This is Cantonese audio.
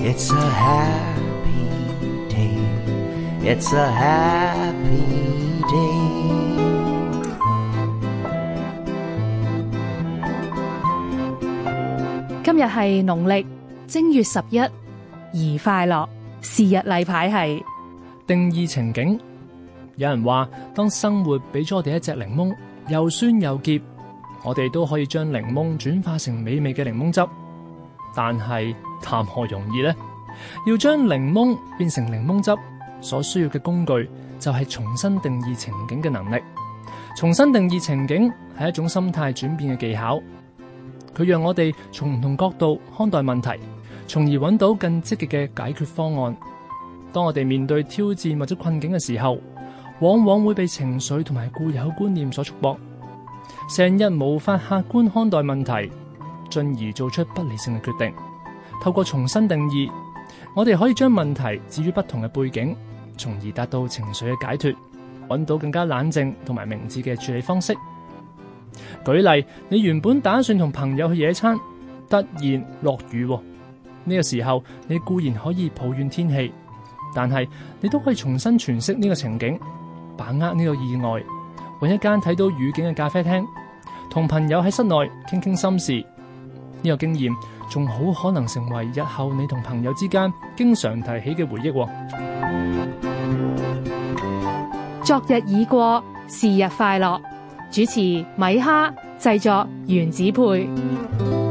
It's a happy day. It's a happy day. 今日係農曆正月十一，而快樂是日例牌係定義情境。有人話，當生活俾咗我哋一隻檸檬，又酸又澀，我哋都可以將檸檬轉化成美味嘅檸檬汁。但係，談何容易呢？要將檸檬變成檸檬汁，所需要嘅工具就係重新定義情景嘅能力。重新定義情景係一種心態轉變嘅技巧，佢讓我哋從唔同角度看待問題，從而揾到更積極嘅解決方案。當我哋面對挑戰或者困境嘅時候，往往會被情緒同埋固有觀念所束縛，成日無法客觀看待問題，進而做出不理性嘅決定。透過重新定義，我哋可以將問題置於不同嘅背景，從而達到情緒嘅解脫，揾到更加冷靜同埋明智嘅處理方式。舉例，你原本打算同朋友去野餐，突然落雨。呢個時候，你固然可以抱怨天氣，但係你都可以重新詮釋呢個情景，把握呢個意外，揾一間睇到雨景嘅咖啡廳，同朋友喺室內傾傾心事。呢個經驗仲好可能成為日後你同朋友之間經常提起嘅回憶。昨日已過，是日快樂。主持米哈，製作原子配。